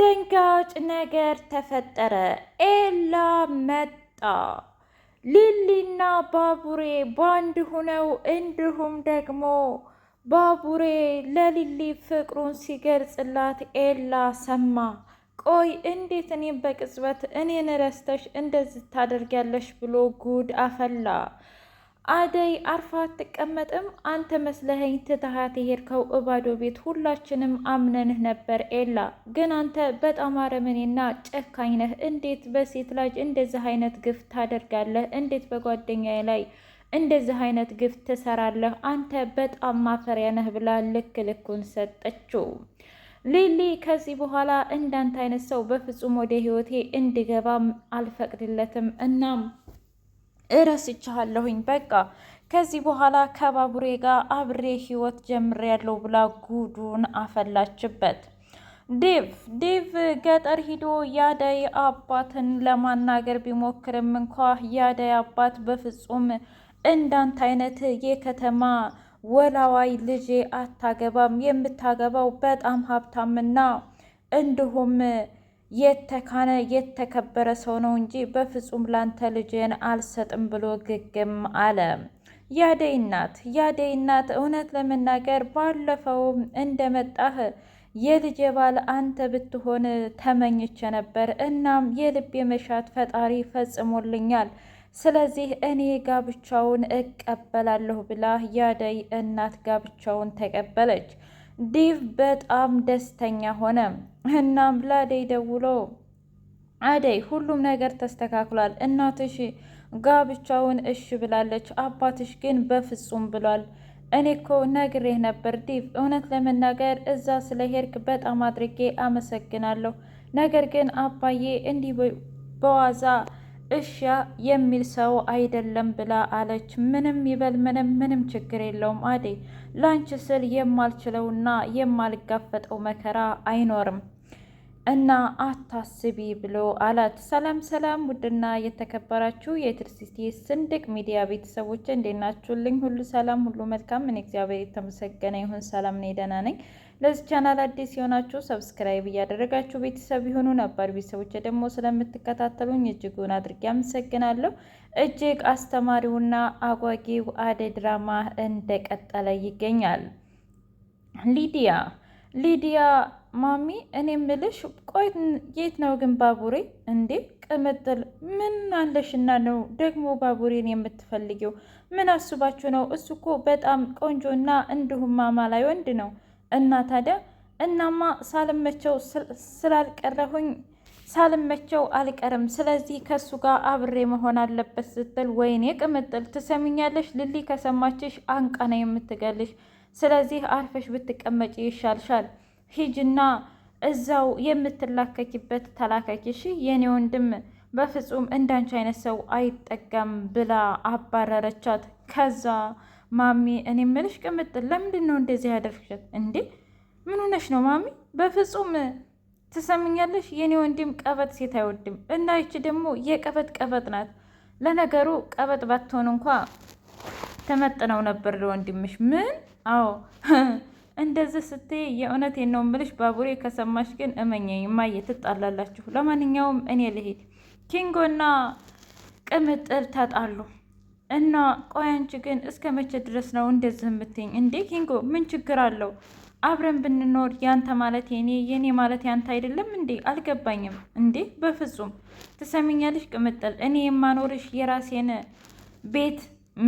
አስደንጋጭ ነገር ተፈጠረ። ኤላ መጣ። ሊሊና ባቡሬ ባንድ ሁነው እንዲሁም ደግሞ ባቡሬ ለሊሊ ፍቅሩን ሲገልጽላት ኤላ ሰማ። ቆይ እንዴት እኔም በቅጽበት እኔን ረስተሽ እንደዚህ ታደርጊያለሽ ብሎ ጉድ አፈላ። አደይ አርፋ አትቀመጥም። አንተ መስለኸኝ ትተሃት የሄድከው እባዶ ቤት ሁላችንም አምነንህ ነበር። ኤላ ግን አንተ በጣም አረመኔና ጨካኝ ነህ። እንዴት በሴት ልጅ እንደዚህ አይነት ግፍ ታደርጋለህ? እንዴት በጓደኛዬ ላይ እንደዚህ አይነት ግፍ ትሰራለህ? አንተ በጣም ማፈሪያ ነህ ብላ ልክ ልኩን ሰጠችው። ሊሊ ከዚህ በኋላ እንዳንተ አይነት ሰው በፍጹም ወደ ህይወቴ እንዲገባም አልፈቅድለትም። እናም እረስችሃለሁኝ በቃ ከዚህ በኋላ ከባቡሬ ጋር አብሬ ህይወት ጀምሬያለሁ ብላ ጉዱን አፈላችበት። ዴቭ ዴቭ ገጠር ሂዶ የአደይ አባትን ለማናገር ቢሞክርም እንኳ የአደይ አባት በፍጹም እንዳንተ አይነት የከተማ ወላዋይ ልጄ አታገባም፣ የምታገባው በጣም ሀብታምና እንዲሁም የተካነ የተከበረ ሰው ነው እንጂ በፍጹም ላንተ ልጄን አልሰጥም ብሎ ግግም አለ። ያደይ እናት ያደይ እናት እውነት ለመናገር ባለፈው እንደመጣህ የልጄ ባል አንተ ብትሆን ተመኝቼ ነበር። እናም የልቤ መሻት ፈጣሪ ፈጽሞልኛል። ስለዚህ እኔ ጋብቻውን እቀበላለሁ ብላ ያደይ እናት ጋብቻውን ተቀበለች። ዴቭ በጣም ደስተኛ ሆነ። እናም ላደይ ደውሎ አደይ ሁሉም ነገር ተስተካክሏል፣ እናትሽ ጋብቻውን እሺ ብላለች፣ አባትሽ ግን በፍጹም ብሏል። እኔ እኮ ነግሬህ ነበር ዲቭ፣ እውነት ለመናገር እዛ ስለ ሄድክ በጣም አድርጌ አመሰግናለሁ። ነገር ግን አባዬ እንዲህ በዋዛ እሻ የሚል ሰው አይደለም ብላ አለች። ምንም ይበል ምንም ምንም ችግር የለውም አዴ፣ ላንቺ ስል የማልችለውና የማልጋፈጠው መከራ አይኖርም እና አታስቢ ብሎ አላት። ሰላም ሰላም! ውድና የተከበራችሁ የትርሲቲ ስንድቅ ሚዲያ ቤተሰቦች እንዴት ናችሁልኝ? ሁሉ ሰላም፣ ሁሉ መልካም። ምን እግዚአብሔር የተመሰገነ ይሁን ሰላም ነኝ፣ ደህና ነኝ። ለዚህ ቻናል አዲስ የሆናችሁ ሰብስክራይብ እያደረጋችሁ ቤተሰብ የሆኑ ነባር ቤተሰቦች ደግሞ ስለምትከታተሉኝ እጅጉን አድርጌ አመሰግናለሁ። እጅግ አስተማሪውና አጓጊው አደይ ድራማ እንደቀጠለ ይገኛል። ሊዲያ ሊዲያ ማሚ፣ እኔ ምልሽ ቆይ የት ነው ግን ባቡሬ? እንዴ ቅምጥል ምን አለሽና ነው ደግሞ ባቡሬን የምትፈልጊው? ምን አስባችሁ ነው? እሱ እኮ በጣም ቆንጆና እንዲሁም አማላይ ወንድ ነው። እና ታዲያ እናማ ሳልመቸው ስላልቀረሁኝ ሳልመቸው አልቀርም። ስለዚህ ከእሱ ጋር አብሬ መሆን አለበት ስትል ወይኔ ቅምጥል ትሰሚኛለሽ፣ ልሊ ከሰማችሽ አንቃና የምትገልሽ። ስለዚህ አርፈሽ ብትቀመጭ ይሻልሻል። ሂጅና እዛው የምትላከኪበት ተላከኪሽ። የኔ ወንድም በፍጹም እንዳንቺ አይነት ሰው አይጠጋም ብላ አባረረቻት። ከዛ ማሚ እኔ ምልሽ ቅምጥል ለምንድን ነው እንደዚህ ያደርግሻት እንዴ? ምን ሆነሽ ነው ማሚ? በፍጹም ትሰምኛለሽ። የኔ ወንድም ቀበጥ ሴት አይወድም እና ይቺ ደግሞ የቀበጥ ቀበጥ ናት። ለነገሩ ቀበጥ ባትሆን እንኳ ተመጥነው ነበር ለወንድምሽ። ምን? አዎ እንደዚህ ስትይ የእውነቴ ነው ምልሽ። ባቡሬ። ከሰማሽ ግን እመኘኝ እማዬ ትጣላላችሁ። ለማንኛውም እኔ ልሄድ። ኪንጎና ቅምጥል ተጣሉ። እና ቆይ አንቺ ግን እስከ መቼ ድረስ ነው እንደዚህ የምትኝ እንዴ? ኪንጎ ምን ችግር አለው? አብረን ብንኖር ያንተ ማለት የኔ የኔ ማለት ያንተ አይደለም እንዴ? አልገባኝም እንዴ? በፍጹም ትሰሚኛለሽ ቅምጥል፣ እኔ የማኖርሽ የራሴን ቤት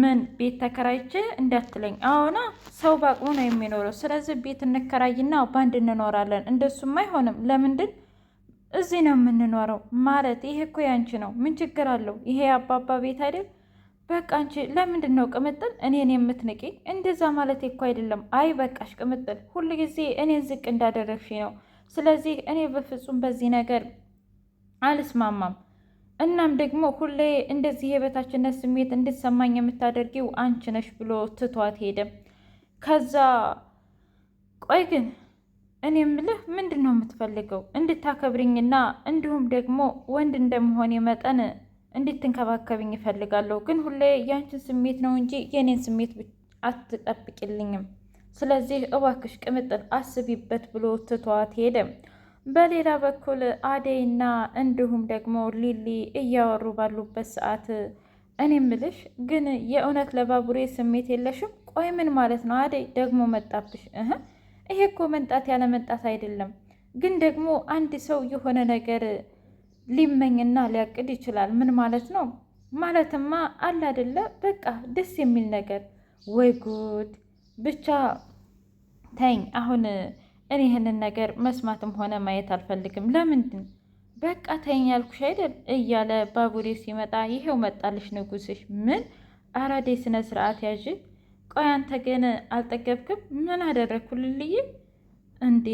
ምን ቤት ተከራይቼ እንዳትለኝ። አሁና ሰው በአቅሙ ነው የሚኖረው። ስለዚህ ቤት እንከራይና ባንድ እንኖራለን። እንደሱም አይሆንም። ለምንድን እዚህ ነው የምንኖረው? ማለት ይሄ እኮ ያንቺ ነው። ምን ችግር አለው? ይሄ አባባ ቤት አይደል በቃ አንቺ ለምንድን ነው ቅምጥል እኔን የምትንቂ? እንደዛ ማለት እኮ አይደለም። አይ በቃሽ ቅምጥል፣ ሁሉ ጊዜ እኔን ዝቅ እንዳደረግሽ ነው። ስለዚህ እኔ በፍጹም በዚህ ነገር አልስማማም። እናም ደግሞ ሁሌ እንደዚህ የበታችነት ስሜት እንድትሰማኝ የምታደርጊው አንቺ ነሽ ብሎ ትቷት ሄደ። ከዛ ቆይ ግን እኔ ምልህ ምንድን ነው የምትፈልገው? እንድታከብሪኝና እንዲሁም ደግሞ ወንድ እንደመሆኔ መጠን እንድትንከባከብኝ እፈልጋለሁ። ግን ሁሌ ያንቺን ስሜት ነው እንጂ የኔን ስሜት አትጠብቂልኝም። ስለዚህ እባክሽ ቅምጥል አስቢበት ብሎ ትቷት ሄደ። በሌላ በኩል አደይና እንዲሁም ደግሞ ሊሊ እያወሩ ባሉበት ሰዓት እኔ ምልሽ ግን የእውነት ለባቡሬ ስሜት የለሽም? ቆይ ምን ማለት ነው? አደይ ደግሞ መጣብሽ? እህ ይሄ እኮ መንጣት ያለ መንጣት አይደለም። ግን ደግሞ አንድ ሰው የሆነ ነገር ሊመኝና ሊያቅድ ይችላል። ምን ማለት ነው? ማለትማ አለ አይደለ? በቃ ደስ የሚል ነገር ወይ ጉድ! ብቻ ተኝ። አሁን እኔ ይህንን ነገር መስማትም ሆነ ማየት አልፈልግም። ለምንድን በቃ ተኝ ያልኩሽ አይደል? እያለ ባቡሬ ሲመጣ ይሄው መጣልሽ ንጉስሽ። ምን አራዴ ስነ ስርዓት ያዥ። ቆይ አንተ ግን አልጠገብክም? ምን አደረግኩልልይ እንዴ?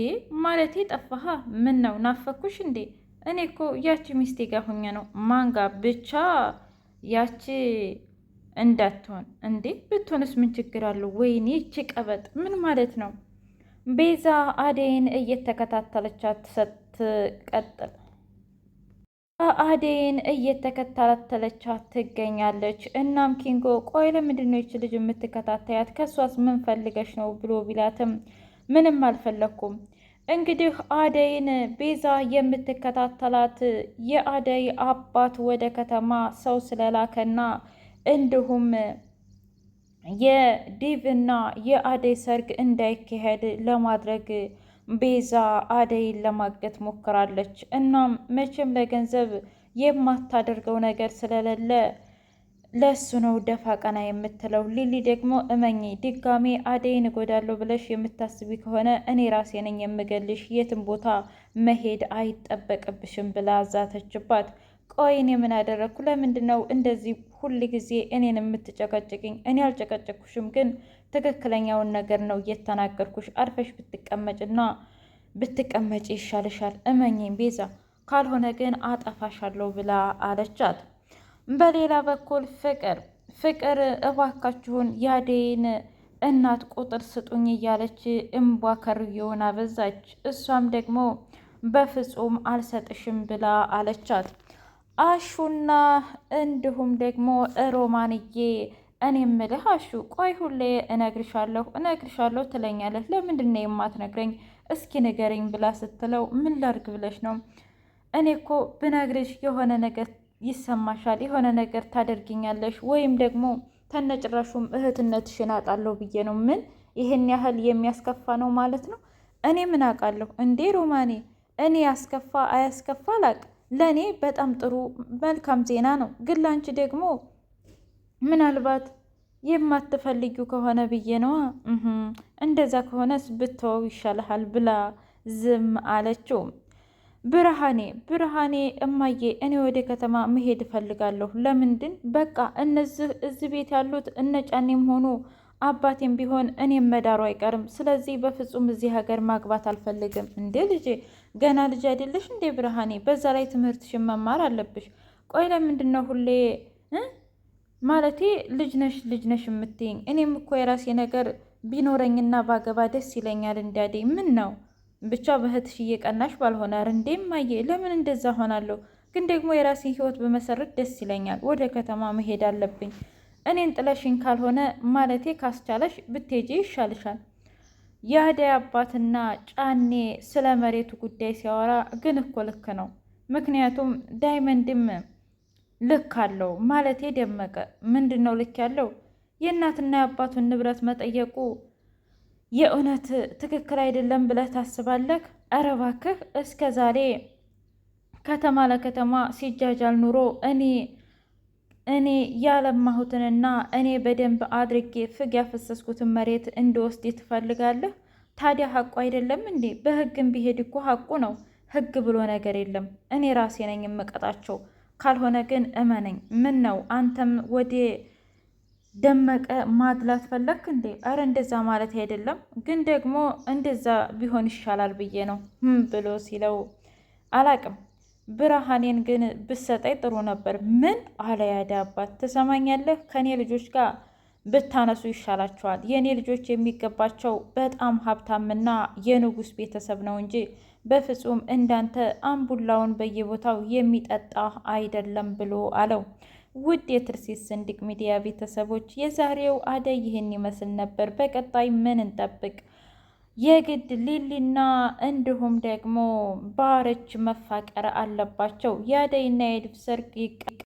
ማለቴ ጠፋሃ? ምን ነው ናፈኩሽ እንዴ? እኔ እኮ ያቺ ሚስቴ ጋር ሆኜ ነው ማንጋ ብቻ ያቺ እንዳትሆን እንዴ፣ ብትሆንስ ምን ችግር አለው? ወይኔ ይቺ ቀበጥ ምን ማለት ነው? ቤዛ አደይን እየተከታተለቻት ትቀጥል አደይን እየተከታተለቻት ትገኛለች። እናም ኪንጎ ቆይ ለምንድን ነው ይች ልጅ የምትከታተያት? ከእሷስ ምን ፈልገሽ ነው ብሎ ቢላትም ምንም አልፈለግኩም እንግዲህ አደይን ቤዛ የምትከታተላት የአደይ አባት ወደ ከተማ ሰው ስለላከና እንዲሁም የዲቭና የአደይ ሰርግ እንዳይካሄድ ለማድረግ ቤዛ አደይን ለማገት ሞክራለች። እናም መቼም ለገንዘብ የማታደርገው ነገር ስለሌለ ለሱ ነው ደፋ ቀና የምትለው። ሊሊ ደግሞ እመኚ፣ ድጋሜ አደይን እጎዳለሁ ብለሽ የምታስቢ ከሆነ እኔ ራሴ ነኝ የምገልሽ፣ የትም ቦታ መሄድ አይጠበቅብሽም ብላ አዛተችባት። ቆይ እኔ ምን አደረግኩ? ለምንድን ነው እንደዚህ ሁል ጊዜ እኔን የምትጨቀጭቅኝ? እኔ አልጨቀጨኩሽም፣ ግን ትክክለኛውን ነገር ነው እየተናገርኩሽ። አርፈሽ ብትቀመጭና ብትቀመጭ ይሻልሻል። እመኝም ቤዛ፣ ካልሆነ ግን አጠፋሻለሁ ብላ አለቻት። በሌላ በኩል ፍቅር ፍቅር እባካችሁን ያደይን እናት ቁጥር ስጡኝ እያለች እምቧ ከርየውን አበዛች። እሷም ደግሞ በፍጹም አልሰጥሽም ብላ አለቻት። አሹና እንዲሁም ደግሞ ሮማንዬ እኔ ምልህ አሹ፣ ቆይ ሁሌ እነግርሻለሁ እነግርሻለሁ ትለኛለህ፣ ለምንድን ነው የማትነግረኝ? እስኪ ንገረኝ ብላ ስትለው ምን ላድርግ ብለሽ ነው? እኔ እኮ ብነግርሽ የሆነ ነገር ይሰማሻል፣ የሆነ ነገር ታደርግኛለሽ፣ ወይም ደግሞ ተነጭራሹም እህትነትሽን አጣለሁ ብዬ ነው። ምን ይህን ያህል የሚያስከፋ ነው ማለት ነው? እኔ ምን አውቃለሁ እንዴ ሮማኔ፣ እኔ ያስከፋ አያስከፋ ላቅ ለእኔ በጣም ጥሩ መልካም ዜና ነው። ግን ላንቺ ደግሞ ምናልባት የማትፈልጊው ከሆነ ብዬ ነዋ። እንደዛ ከሆነስ ብትወው ይሻልሃል ብላ ዝም አለችው። ብርሃኔ ብርሃኔ እማዬ፣ እኔ ወደ ከተማ መሄድ እፈልጋለሁ። ለምንድን? በቃ እነዚህ እዚህ ቤት ያሉት እነ ጫኔም ሆኑ አባቴም ቢሆን እኔም መዳሩ አይቀርም። ስለዚህ በፍጹም እዚህ ሀገር ማግባት አልፈልግም። እንዴ ልጄ፣ ገና ልጅ አይደለሽ እንዴ ብርሃኔ? በዛ ላይ ትምህርትሽን መማር አለብሽ። ቆይ ለምንድን ነው ሁሌ ማለቴ ልጅ ነሽ ልጅ ነሽ የምትይኝ? እኔም እኮ የራሴ ነገር ቢኖረኝና ባገባ ደስ ይለኛል። እንዳዴ ምን ነው ብቻ በእህትሽ እየቀናሽ ባልሆነ እንዴ ማየ ለምን እንደዛ ሆናለሁ? ግን ደግሞ የራሴን ህይወት በመሰረት ደስ ይለኛል። ወደ ከተማ መሄድ አለብኝ። እኔን ጥለሽኝ ካልሆነ ማለቴ ካስቻለሽ ብትሄጂ ይሻልሻል። የአደይ አባትና ጫኔ ስለ መሬቱ ጉዳይ ሲያወራ ግን እኮ ልክ ነው። ምክንያቱም ዳይመንድም ልክ አለው። ማለቴ ደመቀ ምንድን ነው ልክ ያለው? የእናትና የአባቱን ንብረት መጠየቁ የእውነት ትክክል አይደለም ብለህ ታስባለህ? ኧረ እባክህ እስከ ዛሬ ከተማ ለከተማ ሲጃጃል ኑሮ እኔ እኔ ያለማሁትንና እኔ በደንብ አድርጌ ፍግ ያፈሰስኩትን መሬት እንድወስድ ትፈልጋለህ? ታዲያ ሀቁ አይደለም እንዴ? በህግም ቢሄድ እኮ ሀቁ ነው። ህግ ብሎ ነገር የለም። እኔ ራሴ ነኝ የምቀጣቸው። ካልሆነ ግን እመነኝ። ምን ነው አንተም ወዴ ደመቀ ማጥላት ፈለክ እንዴ? አረ እንደዛ ማለት አይደለም፣ ግን ደግሞ እንደዛ ቢሆን ይሻላል ብዬ ነው ብሎ ሲለው አላቅም ብርሃኔን ግን ብሰጠኝ ጥሩ ነበር። ምን አለ ያዳ አባት ትሰማኛለህ? ከእኔ ልጆች ጋር ብታነሱ ይሻላቸዋል። የእኔ ልጆች የሚገባቸው በጣም ሀብታምና የንጉስ ቤተሰብ ነው እንጂ በፍጹም እንዳንተ አምቡላውን በየቦታው የሚጠጣ አይደለም ብሎ አለው። ውድ የትርሴት ስንድቅ ሚዲያ ቤተሰቦች የዛሬው አደይ ይህን ይመስል ነበር። በቀጣይ ምን እንጠብቅ? የግድ ሊሊና እንዲሁም ደግሞ ባረች መፋቀር አለባቸው። የአደይና የድብ ሰርግ